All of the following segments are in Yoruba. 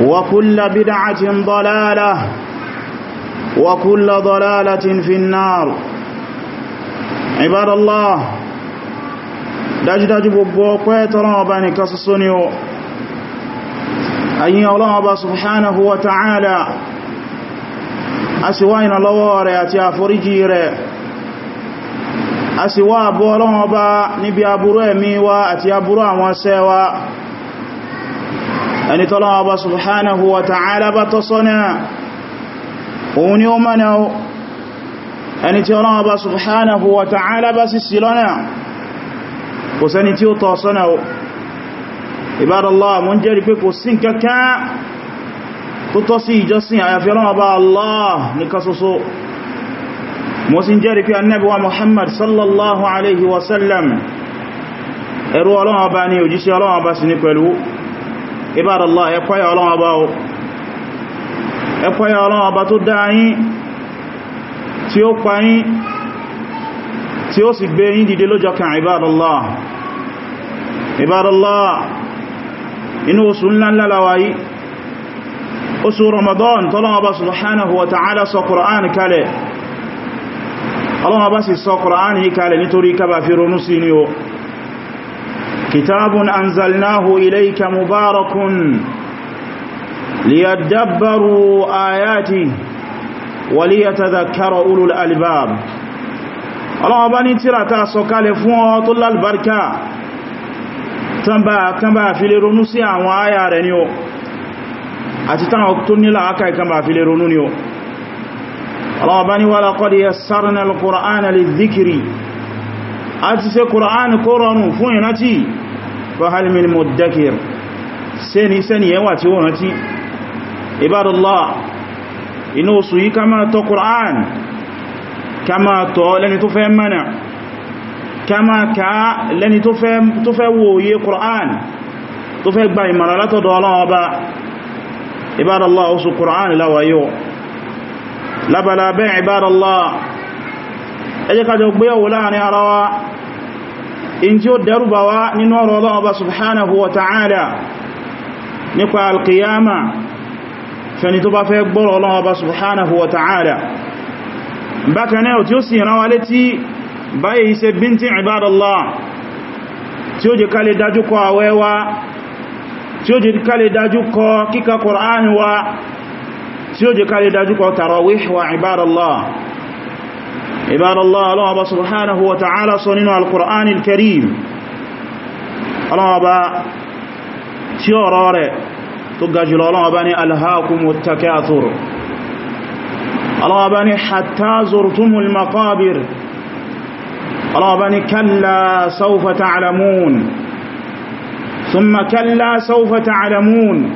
وكل بدعة ضلالة وكل ضلالة في النار عباد الله داجد أجب بوقيت رابني كسسني أي الله سبحانه وتعالى أسوين اللوار أتيا فرجير أسوى أبو نبي أبو رمي وأتيا أبو رمي ẹni tọ́lọ́wọ́ bá subhanahu wa ta'ala bá tọ́ sọ́nà òun ni ó mọ́nà ẹni tí ọlọ́wọ́ bá subhanahu wa ta'ala bá sì sí lọ́nà kò sẹ́ni tí ó tọ́ sọ́nà ibadallah mún jẹ́rìí pé kò sí kankan tó tọ́ sí ìjọsìn àyàfi pé annabi muhammad sallallahu alaihi wasallam ẹrú ọlọ́wọ́ bá ní òjíṣẹ́ ọlọ́wọ́ bá sì ní pẹ̀lú Ibadallah ẹ páyà Ọlọ́run Ọba o ẹ páyà Ọlọ́run Ọba tó dá yín tí ó pa yín tí ó sì gbé yín dìde lọ́jọ́ kan Ibadallah Ibadallah inú oṣù ńlá ńlá la oṣù Ramadan tọ́lọ́wọ́ subhanahu wa ta'ala sọ Qur'an kalẹ̀ Ọlọ́run sì sọ Qur'an yìí kalẹ̀ nítorí ká fi ronú sí ni o كتاب أنزلناه إليك مبارك ليتدبروا آياته وليتذكر أولو الألباب الله أباني تراتا سوكالي فون وطل البركة تنبع تنبع في لرنوسي عن وآيا رنيو أتتا وقتني لأكاي تنبع في لرنونيو الله أباني ولقد يسرنا القرآن للذكري a ti ṣe Kùránì kó rọrùn fún ìrántí fahalmin mudakir sẹ́ni sẹ́ni yẹn wà tí ó rántí ibadallah inú oṣù yí ká máa tọ́ Kùránì ká máa tọ́ lẹ́ni tó fẹ́ mẹ́nà ká máa ká lẹ́ni tó fẹ́ wòye Kùránì tó fẹ́ gba ìmọ̀ra látọ̀dọ̀ Ọlọ́run Ọba ẹ jẹ́ ká jọ gbé ọwọ́ láàrin ara wa in tí ó dẹ́rùbà wá nínú ọ̀rọ̀ Ọlọ́run Ọba subhanahu wa ta'ala nípa alkiyama fẹni tó bá fẹ́ gbọ́rọ̀ Ọlọ́run Ọba subhanahu wa ta'ala bákan náà tí ó sì rán létí báyìí ṣe bíntín ibadallah tí ó jẹ́ ká lè عباد الله الله سبحانه وتعالى صنع القرآن الكريم الله أبا تيورار تقجل الله أباني ألهاكم والتكاثر الله أباني حتى زرتم المقابر الله أباني كلا سوف تعلمون ثم كلا سوف تعلمون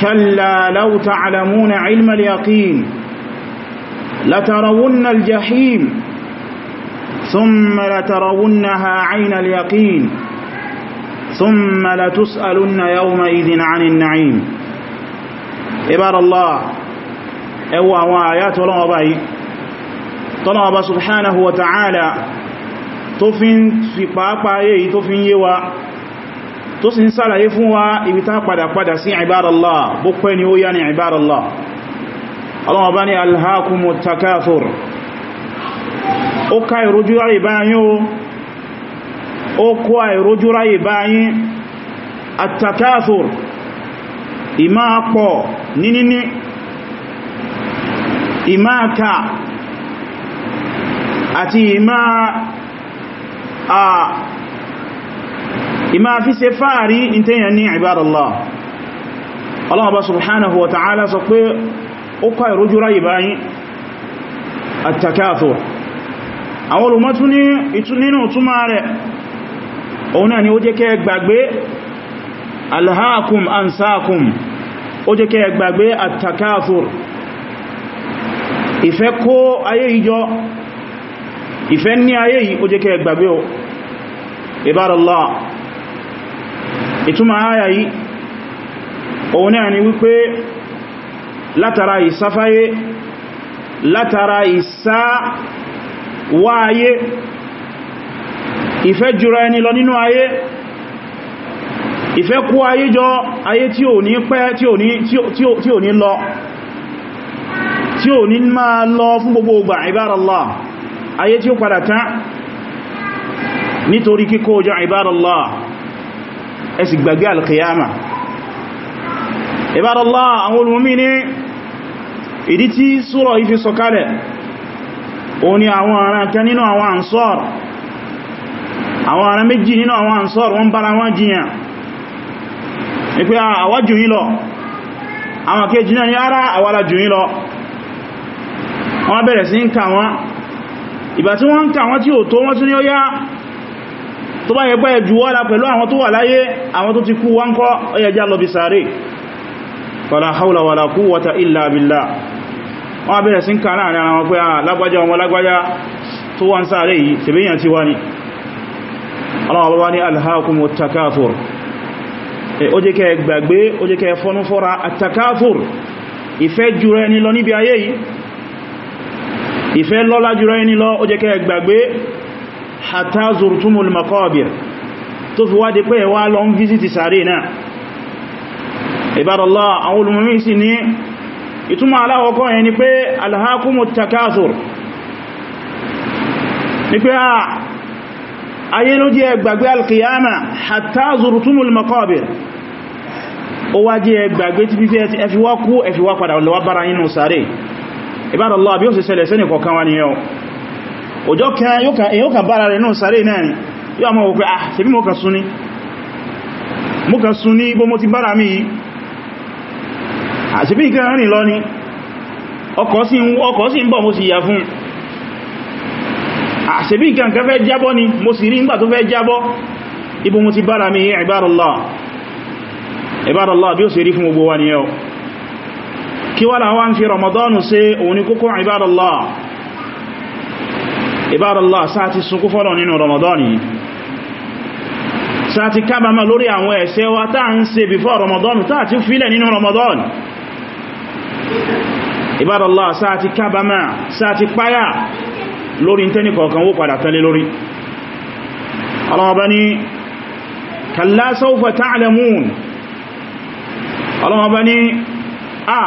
كلا لو تعلمون علم اليقين لترون الجحيم ثم لترونها عين اليقين ثم لتسألن يومئذ عن النعيم عباد الله اوى وآيات الله بأي طلب سبحانه وتعالى توفين في بابا يهي توفين يوى توفين سالة يفوى ابتاق بدا بدا سي عباد الله بقين يويان عباد الله ọlọ́wọ́ bá ní alhakumu takathur ó ká ìrójú ráyè báyín ó kó àìrójú ráyè báyín attakathur ìmá pọ̀ níníní ìmá ka àti ìmá a ìmá fi ṣe fáàrí ìtẹ́yàn ní ibadallah Allah subhanahu wa ta'ala sọ pé ó kọ́ ìrójú ráyì báyìí àtàkàtò àwọn olùmọ́tún ní ìtún nínú túnmà rẹ̀ òun náà ni ó jẹ́ kẹ́ gbàgbé alhaakum ansakum ó jẹ́ kẹ́ gbàgbé àtàkàtò ìfẹ́ kó ayé ìjọ ìfẹ́ ní ayé yìí ó jẹ́ gbàgbé o ibadallah ìtúnmà látara ìsáfáyé látara ìsáwá ayé ìfẹ́ jura ẹni lọ nínú ayé ìfẹ́ kó ayé jọ ayé tí ò ní pẹ́ tí ò ní lọ tí ò ní máa lọ fún gbogbo ọgbà ìbáràlá ayé tí ó padà tán nítorí kíkó ọjọ́ ìbáràlá ẹsì gbàgbé alkiyama ìbáràlá àwọn olùmí ní ìdí tí súrọ̀ yìí fi sọ̀kalẹ̀ òun ni àwọn ará kan nínú àwọn ansọ́r àwọn ará méjì nínú àwọn ansọ́r wọ́n bára wọ́n jiyàn ní pé àwa jù yín lọ àwọn kejì náà ni ara àwàlá jù yín lọ wọ́n bẹ̀rẹ̀ sí ń kà wọ́n ìgbà tí wọ́n ń kà wọ́n tí ò tó wọ́n tún ní ó yá tó bá yẹ jù wọ́la pẹ̀lú àwọn tó wà láyé àwọn tó ti kú wọ́n kọ́ ó lọ bí sáré fala hawla wala quwwata illa billah wọ́n bẹ̀rẹ̀ sí ń a na ara wọn pé a ah, lágbájá ọmọ lágbájá tó wọ́n sáré yìí tẹ̀bíyàn tí wá ní aláwọ̀ ní alhakumu takathur o jẹ́ kẹ́ gbàgbé ó jẹ́ kẹ́ fọ́nú fọ́ra takathur jù rẹ ní lọ níbi ayé yìí ìtumọ̀ aláwọ̀kọ́ yẹn ni pé alhakumu takathur ni pé a ah, ayé ló jẹ́ gbàgbé alkiyama hatta zurtumul maqabir ó wá jẹ́ gbàgbé ti fífẹ́ ẹfiwá kú ẹfiwá bara wá nìyàn ka bára rẹ̀ sáré ni ah mo àti ah, bí ìkan rìn lọ ní ọkọ̀ sí ń bọ̀ mo sì yà fún àti ah, bí ìkan kan fẹ́ jábọ́ ni mo sì rí nígbà tó fẹ́ jábọ́ ibo mo ti bára mi ibadallah ibadallah bí ó sì rí fún gbogbo wa nìyẹn kí wá láwá ń fi Ramadan kábàmà lórí àwọn ẹ̀ṣẹ̀ wa táà ń ṣe before Ramadan táà ti fílẹ̀ nínú Ramadan ìbádọ́lá sáà ti kábàmà sáà ti páyà lórí tẹ́ni kọ̀ọ̀kan wó padà tẹ́lé lórí ọlọ́mọba ní kalla sawfa ta'lamun ọlọ́mọba ní a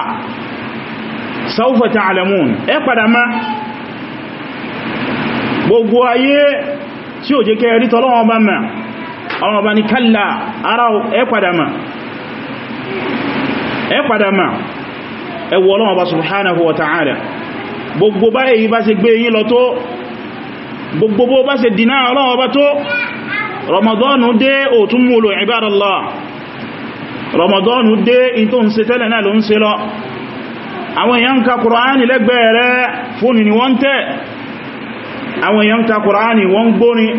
sawfa ta'lamun ẹ padà má gbogbo ayé tí ò jẹ́ kẹ́ rí tọ́lọ́mọba mẹ́ ọlọ́mọba ní kalla ara ẹ padà má ẹwọ ọlọ́wọ́ bá subhanahu wa ta'ala gbogbo bá èyí bá ṣe gbé yí lọ tó gbogbo bá ṣe dínà ọlọ́wọ́ bá tó ramadanu dé òtún múlò ibadallah ramadanu dé in tó ń ṣe tẹ́lẹ̀ náà ló ń ṣe lọ àwọn èèyàn ka kùránì lẹ́gbẹ̀ẹ́ rẹ̀ fóònù ni wọ́n tẹ̀ àwọn èèyàn ka kùránì wọ́n gbóni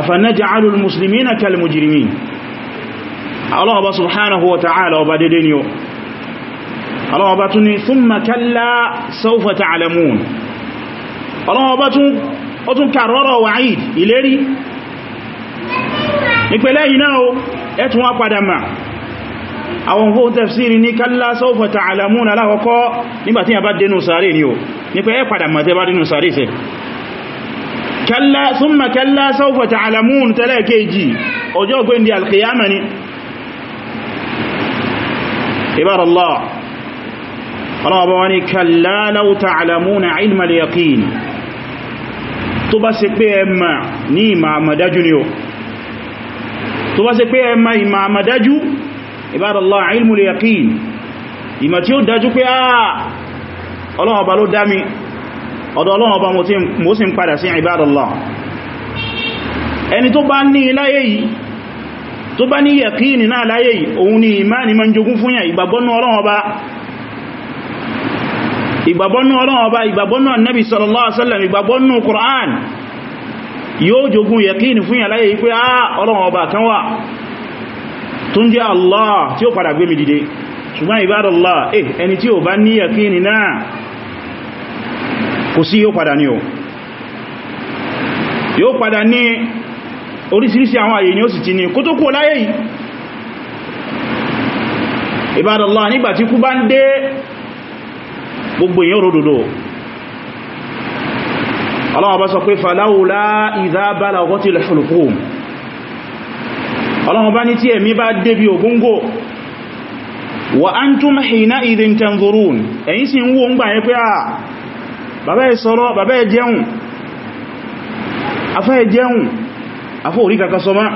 afanaj'alu al-muslimina kal-mujrimin Allah ọba subhanahu wa ta'ala ọba dédé ni ó Allah ọba tún ni thumma kalla sawfa ta'lamun Allah ọba tún ó tún kàrọ́rọ̀ wa'id ìlérí ìpẹ̀lẹ̀ yìí náà ẹ̀tún wá padà ma àwọn ohun tafsiri ní kalla sawfa ta'lamun aláwọ̀kọ́ nígbàtí kalla thumma kalla sawfa ta'lamun tẹ́lẹ̀ kéjì ọjọ́ gbé ní alkiyama ni ibarallah ọlọ́ọ̀bọ̀ wani kalla law ta'lamuna ilmal yaqin tó bá ṣe pé ẹmà ní ìmà àmàdájú ni ó tó bá ṣe pé ẹmà ìmà àmàdájú ibarallah ilmul yaqin ìmà tí ó dájú pé àà ọlọ́ọ̀bá ọ̀dọ̀ ọlọ́run ọba mo sì ń padà sí ibadallah ẹni tó bá ní láyé yìí tó bá ní yẹ̀kíìnì náà láyé yìí òun ni ìmáni ma ń jogún fún yàn ìgbàgbọ́nú ọlọ́run ọba ìgbàgbọ́nú ọlọ́run ọba ìgbàgbọ́nú annabi sallallahu alaihi wasallam ìgbàgbọ́nú Qur'an yóò jogún yẹ̀kíìnì fún yàn láyé yìí pé á ah, ọlọ́run ọba kan wà tó kò sí yóò padà ní o yóò padà ní orísìírísìí àwọn àyè ni ó sì ti ní kó tó kú láyé yìí Ibadallah nígbàtí kú bá ń dé gbogbo èyàn ròdòdó Allah bá sọ pé falawla idha balaghatil hulqum Allah wa antum hina idhin tanzurun ẹ̀yin sì ń wo ń gbà yẹ pé à ah, bàbá ẹ̀ sọ̀rọ̀ bàbá ẹ̀ jẹun afẹ́ ẹ̀ jẹun afẹ́ orí kaka sọ máa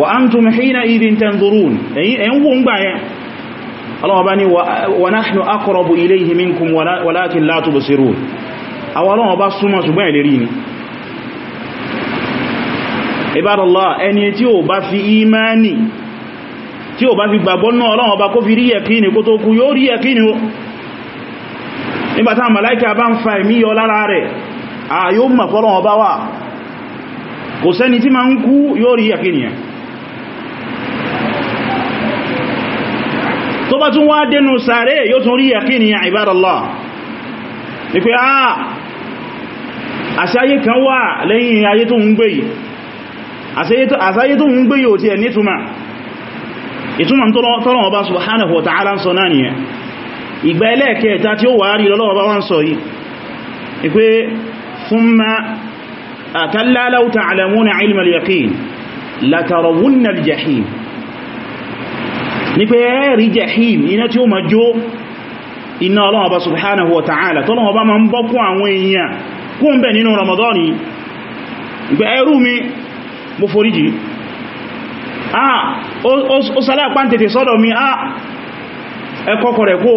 wa antum hina idhin tanzurun ẹ̀yin wo ń gbà yẹn Allah bá ní wa nahnu aqrabu ilayhi minkum walakin la tubsirun àwọn Allah bá súnmọ́ ṣùgbọ́n ẹ̀ lè rí ni Ibadallah ẹni tí ó bá fi imani tí bá kó fi rí yẹ̀kíni kó tó kú yóò rí yẹ̀kíni nígbàtá màláìkà bá ń fa ẹ̀mí yọ lára rẹ̀ ààyò mọ̀ fọ́lọ̀ ọba wà kò sẹ́ni tí ma ń kú yóò rí àkíníyàn tó bá tún wá dénú sàárè yóò tún rí ibadallah àṣáyé kan wà lẹ́yìn ayé tó ń gbé ìgbà ẹlẹ́ẹ̀kẹta tí ó wà rí lọ́wọ́ bá wọ́n sọ yìí ìpé fún ma kalla law ta'lamuna ilma al-yaqin latarawunna al-jahim ní pé ẹ̀rí jahim iná tí ó ma jó iná ọlọ́wọ́ bá subhanahu wa ta'ala tọ́lọ́wọ́ bá ma ń bọ́kú àwọn èèyàn kún bẹ̀ ẹkọ́kọ̀ rẹ̀ kó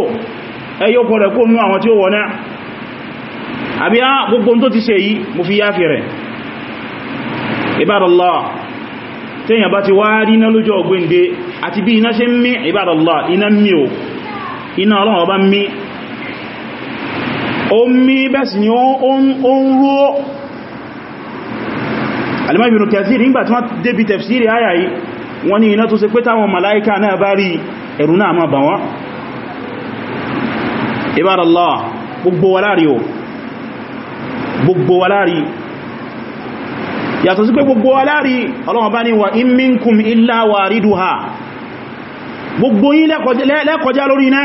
ẹyọ́kọ̀ rẹ̀ kó nú àwọn tí ó wọ́n náà àbí á gbogbo tó ti ṣe yìí mo fi yáfi rẹ̀ ibadallah tẹ́yìn bá ti wá rí iná lójọ́ ọgbẹ́nde àti bí iná ṣe mí iná o iná ọlọ́run ọba mí ṣe pé táwọn ẹ̀rù náà bà Ibadallah gbogbo wa láàrí o gbogbo wa láàrí yàtọ̀ sí pé gbogbo wa láàrí Ọlọ́hun bá ní wa in minkum illa wariduha gbogbo yín lẹ́kọjá lórí iná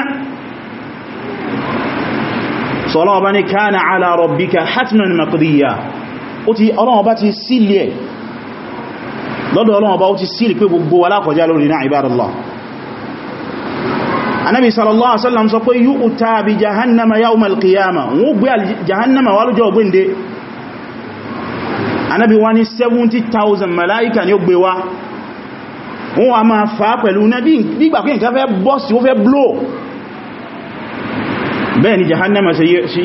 sọ́lọ́wọ́ bá ní kana ala rabbika hatman maqdiya ó ti Ọlọ́hun bá ti sílẹ̀ lọ́dọ̀ Ọlọ́hun bá ó ti sílẹ̀ pé gbogbo wa lákọjá lórí iná ibadallah anábi sallallahu alaihi wasallam sọ pé yu'ta bi jahannama yawmal qiyama wọ́n gbé jahannama wà lọ́jọ́ gbéǹde anábi wá ní 70,000 mala'ika ni ó gbé wá wọ́n wá máa fà pẹ̀lú náà nígbà pé nǹkan fẹ́ bọ́sì ó fẹ́ bló bẹ́ẹ̀ ni jahannama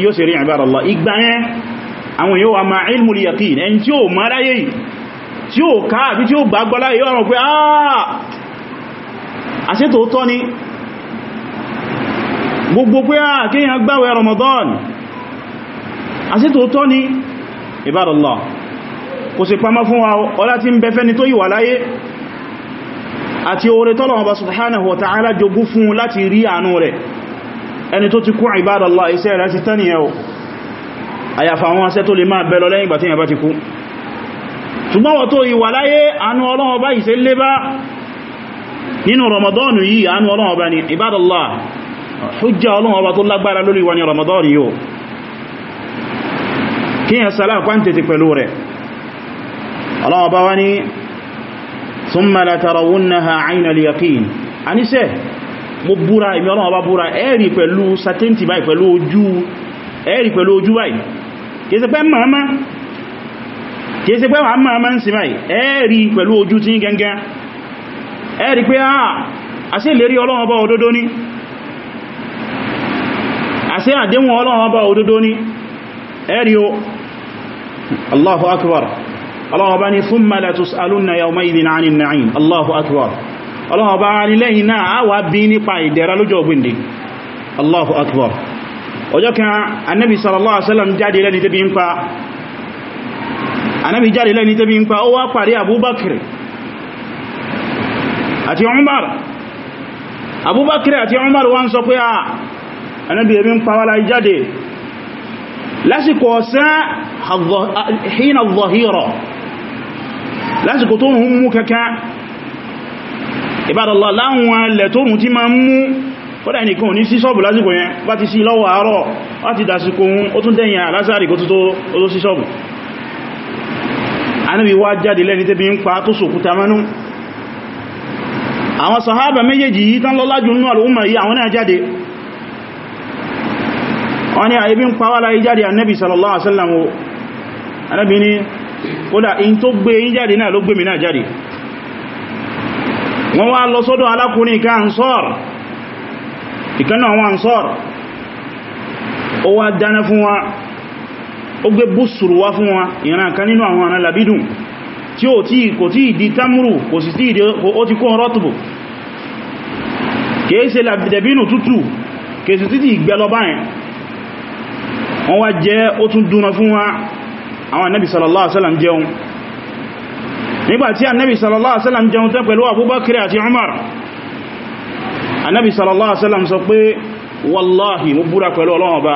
yóò ṣe rí ibadallah ìgbà yẹn àwọn yóò wá máa ilmul yaqin ẹni tí ó máa láyé tí ó káàbí tí ó gbàgbọ́lá yóò rọ̀ pé àà àṣẹ́tòótọ́ ni gbogbo pé a ah, kíyàn gbáwẹ̀ Ramadan àsìtòótọ́ ni ibadallah kò sì pamọ́ fún wa ọlá tí ń bẹ fẹ́ni tó yíwà láyé àti oore tọ́lọ̀ ọba subhanahu wa ta'ala jogún fún láti rí àánú rẹ̀ ẹni tó ti kú ibadallah iṣẹ́ rẹ̀ ti tán nìyẹn àyàfà àwọn asẹ́ tó lè máa bẹ lọ lẹ́yìn ìgbà tí yẹn bá ti kú ṣùgbọ́n wọ́n tó ìwà láyé àánú Ọlọ́run bá ìṣẹ́ lé nínú Ramadan yìí àánú Ọlọ́run bá ní ibadallah hujja ọlọ́run ọba tó lágbára lórí wa ní Ramadan yóò kí yẹn sàlá kwántẹ̀tì pẹ̀lú rẹ̀ ọlọ́run ọba wá ní thumma latarawunnaha aynal yaqin a níṣẹ́ mo búra ìmì ọlọ́run ọba búra ẹ̀rì pẹ̀lú certainty báyìí pẹ̀lú ojú ẹ̀rì pẹ̀lú ojú báyìí kìí ṣe pé màmá kìí ṣe pé wà màmá ń sin báyìí ẹ̀rì pẹ̀lú ojú tí gẹ́gẹ́ àṣẹ àdéhùn ọlọ́run ọba òdodo ni ẹ̀rí o Allahu akbar ọlọ́run ọba ni thumma latus'alunna yawma'idhin 'anin na'im Allahu akbar ọlọ́run ọba ní lẹ́yìn náà a wà bí nípa ìdẹ̀ra lọ́jọ́ ògbìndì Allahu akbar ọjọ́ kan annabi sallallahu alaihi wasallam jáde lẹ́ni tẹ́bí ń pa annabi jáde lẹ́ni tẹ́bí ń pa ó wá pàdé umar abubakir sọ pé a ah, anábi ebi ń pàwàlá jáde lásìkò ọ̀sán hìnà zọ̀hírọ̀ lásìkò tó rùn mú kankan ìbádọ̀lá láwọn ilẹ̀ tó rùn tí ma ń mú kódà nìkan ní sí ṣọ́bù lásìkò yẹn bá ti sí lọ́wọ́ àárọ̀ láti dásìkò ohun ó tún dẹ̀yìn àlásàrí kó tó sí ṣọ́bù anábi wá jáde lẹ́ni tẹ́bí ń pa tó sòkúta mẹ́nu àwọn sàhábà méjèèjì yìí tán lọ́lájú nínú àlùmọ̀ yìí àwọn náà jáde àwọn ní àyíbí ń pàwà láyé jáde annabi sallallahu alaihi wasallam o annabi ni kódà in tó gbé yín jáde náà ló gbé mi náà jáde wọ́n wá lọ sọ́dọ̀ alákùnrin ìkan ansọ́r ìkanà àwọn ansọ́r ó wá dáná fún wa ó gbé búsùrù wá fún wa ìran kan nínú àwọn ará labidun tí ó tí wọ́n wá jẹ́ ó tún dúnà fún wa àwọn annabi sallallahu alaihi wasallam jẹun nígbàtí annabi sallallahu alaihi wasallam jẹun tán pẹ̀lú abubakar àti umar annabi sallallahu alaihi wasallam sọ pé wallahi mo búra pẹ̀lú ọlọ́wọ́ ba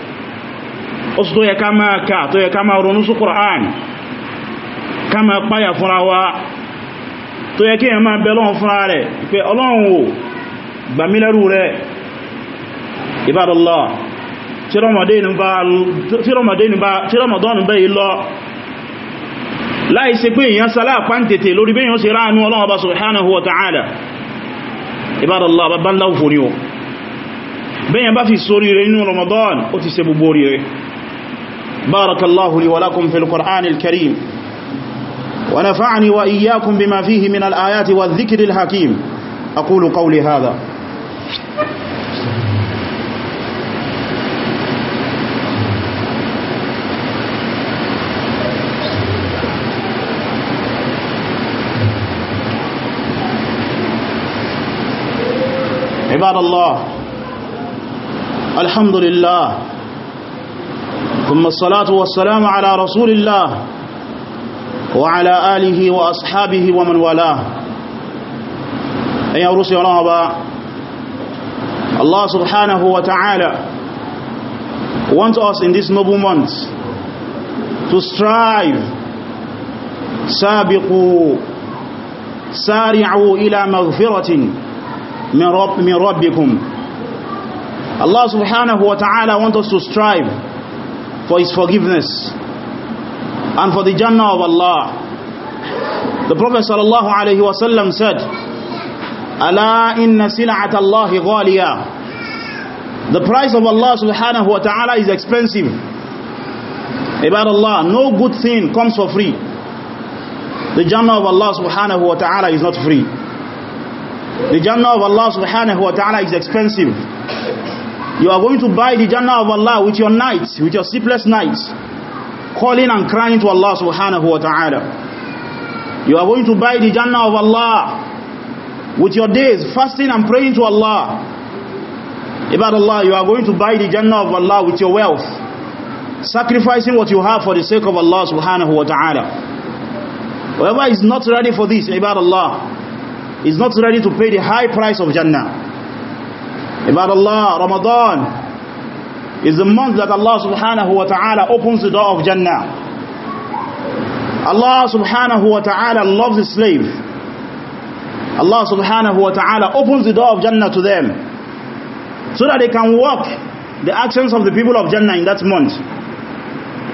ó sì tó yẹ ká máa ká tó yẹ ká máa ronú sí Kùránì ká máa páyà fúnra wa tó yẹ kí ẹ máa bẹ lọ́wọ́ fúnra rẹ̀ pé ọlọ́run wò gbàmílẹ́rù rẹ̀ ìbádọ́lá tí Ramadan bá yí lọ láì ṣe pé èyàn sálà pàntètè lórí bí èyàn ṣe ráànú ọlọ́wọ́ bá subhanahu fi sórí rẹ̀ nínú Ramadan ó ti ṣe gbogbo rẹ̀ بارك الله لي ولكم في القرآن الكريم ونفعني وإياكم بما فيه من الآيات والذكر الحكيم أقول قولي هذا عباد الله الحمد لله ثم الصلاة والسلام على رسول الله وعلى آله وأصحابه ومن والاه أيها رسي الله أبا Allah subhanahu wa ta'ala wants us in this noble month to strive سابقوا سارعوا إلى مغفرة من, رب من ربكم الله سبحانه وتعالى ta'ala wants us to strive for his forgiveness and for the Jannah of Allah. The Prophet sallallahu alaihi wasallam said, "Ala inna sil'at Allahi ghaliya." The price of Allah subhanahu wa ta'ala is expensive. About Allah, no good thing comes for free. The Jannah of Allah subhanahu wa ta'ala is not free. The Jannah of Allah subhanahu wa ta'ala is expensive. You are going to buy the Jannah of Allah with your nights, with your sleepless nights, calling and crying to Allah subhanahu wa ta'ala. You are going to buy the Jannah of Allah with your days, fasting and praying to Allah. Ibad Allah, you are going to buy the Jannah of Allah with your wealth, sacrificing what you have for the sake of Allah subhanahu wa ta'ala. Whoever is not ready for this, Ibad Allah, is not ready to pay the high price of Jannah about Allah, Ramadan is the month that Allah subhanahu wa ta'ala opens the door of Jannah. Allah subhanahu wa ta'ala loves his slave. Allah subhanahu wa ta'ala opens the door of Jannah to them so that they can walk the actions of the people of Jannah in that month.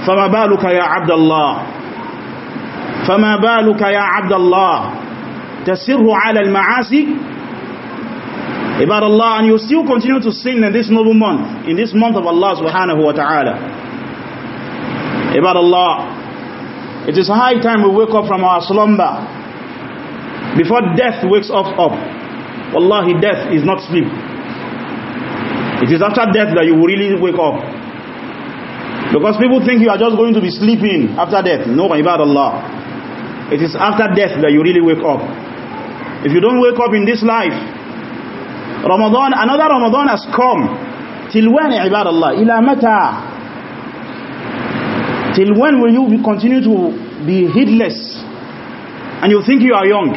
فَمَا بَالُكَ يَا عَبْدَ اللَّهِ فَمَا بَالُكَ يَا عَبْدَ اللَّهِ تَسِرُّ عَلَى الْمَعَاسِي about Allah and you still continue to sin in this noble month in this month of Allah subhanahu wa ta'ala about Allah it is high time we wake up from our slumber before death wakes us up wallahi death is not sleep it is after death that you will really wake up because people think you are just going to be sleeping after death no about Allah it is after death that you really wake up if you don't wake up in this life Ramadan, another Ramadan has come. Till when, Ibad Allah? Ila mata? Till when will you continue to be heedless? And you think you are young.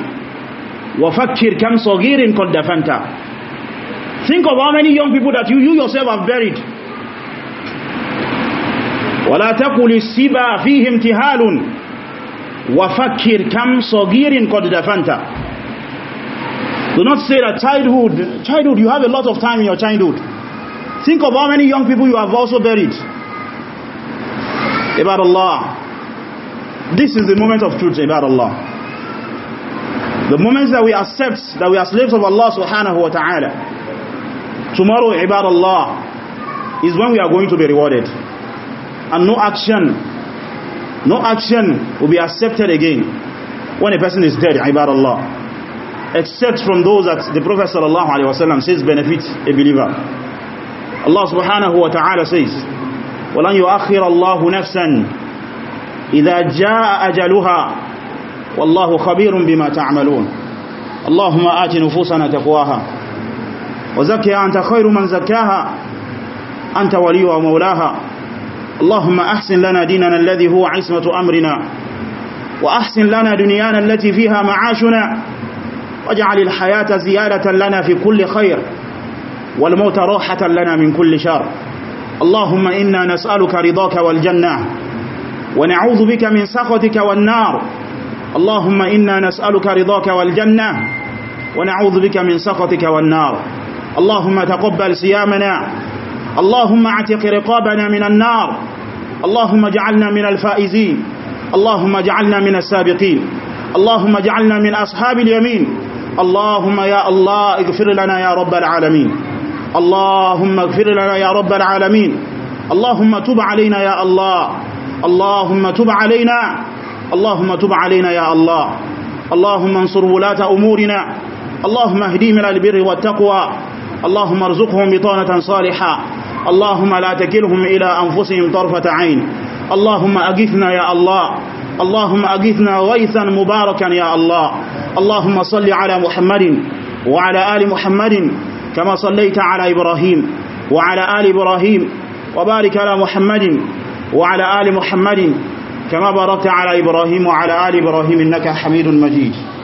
وَفَكِّرْ كَمْ صَغِيرٍ قَدْ دَفَنْتَ Think of how many young people that you, you yourself have buried. وَلَا تَقُلِ السِّبَى فِيهِمْ تِهَالٌ وَفَكِّرْ كَمْ صَغِيرٍ قَدْ دَفَنْتَ do not say that childhood, childhood, you have a lot of time in your childhood. Think of how many young people you have also buried. About Allah. This is the moment of truth about Allah. The moments that we accept that we are slaves of Allah subhanahu wa ta'ala. Tomorrow, about Allah, is when we are going to be rewarded. And no action, no action will be accepted again when a person is dead, About Allah. except from those that the Prophet sallallahu alayhi wa sallam says benefit a believer. Allah subhanahu wa ta'ala says, وَلَنْ يُؤَخِّرَ اللَّهُ نَفْسًا إِذَا جَاءَ أَجَلُهَا وَاللَّهُ خَبِيرٌ بِمَا تَعْمَلُونَ اللهم آت نفوسنا تقواها وزكها أنت خير من زكاها أنت ولي ومولاها اللهم أحسن لنا ديننا الذي هو عصمة أمرنا وأحسن لنا دنيانا التي فيها معاشنا واجعل الحياة زيادة لنا في كل خير والموت راحة لنا من كل شر اللهم إنا نسألك رضاك والجنة ونعوذ بك من سخطك والنار اللهم إنا نسألك رضاك والجنة ونعوذ بك من سخطك والنار اللهم تقبل صيامنا اللهم اعتق رقابنا من النار اللهم اجعلنا من الفائزين اللهم اجعلنا من السابقين اللهم اجعلنا من أصحاب اليمين اللهم يا الله اغفر لنا يا رب العالمين اللهم اغفر لنا يا رب العالمين اللهم تب علينا يا الله اللهم تب علينا اللهم تب علينا يا الله اللهم انصر ولاة أمورنا اللهم اهديهم إلى البر والتقوى اللهم ارزقهم بطانة صالحة اللهم لا تكلهم إلى أنفسهم طرفة عين اللهم أقفنا يا الله اللهم أغثنا غيثا مباركا يا الله اللهم صل على محمد وعلى آل محمد كما صليت على إبراهيم وعلى آل إبراهيم وبارك على محمد وعلى آل محمد كما باركت على إبراهيم وعلى آل إبراهيم إنك حميد مجيد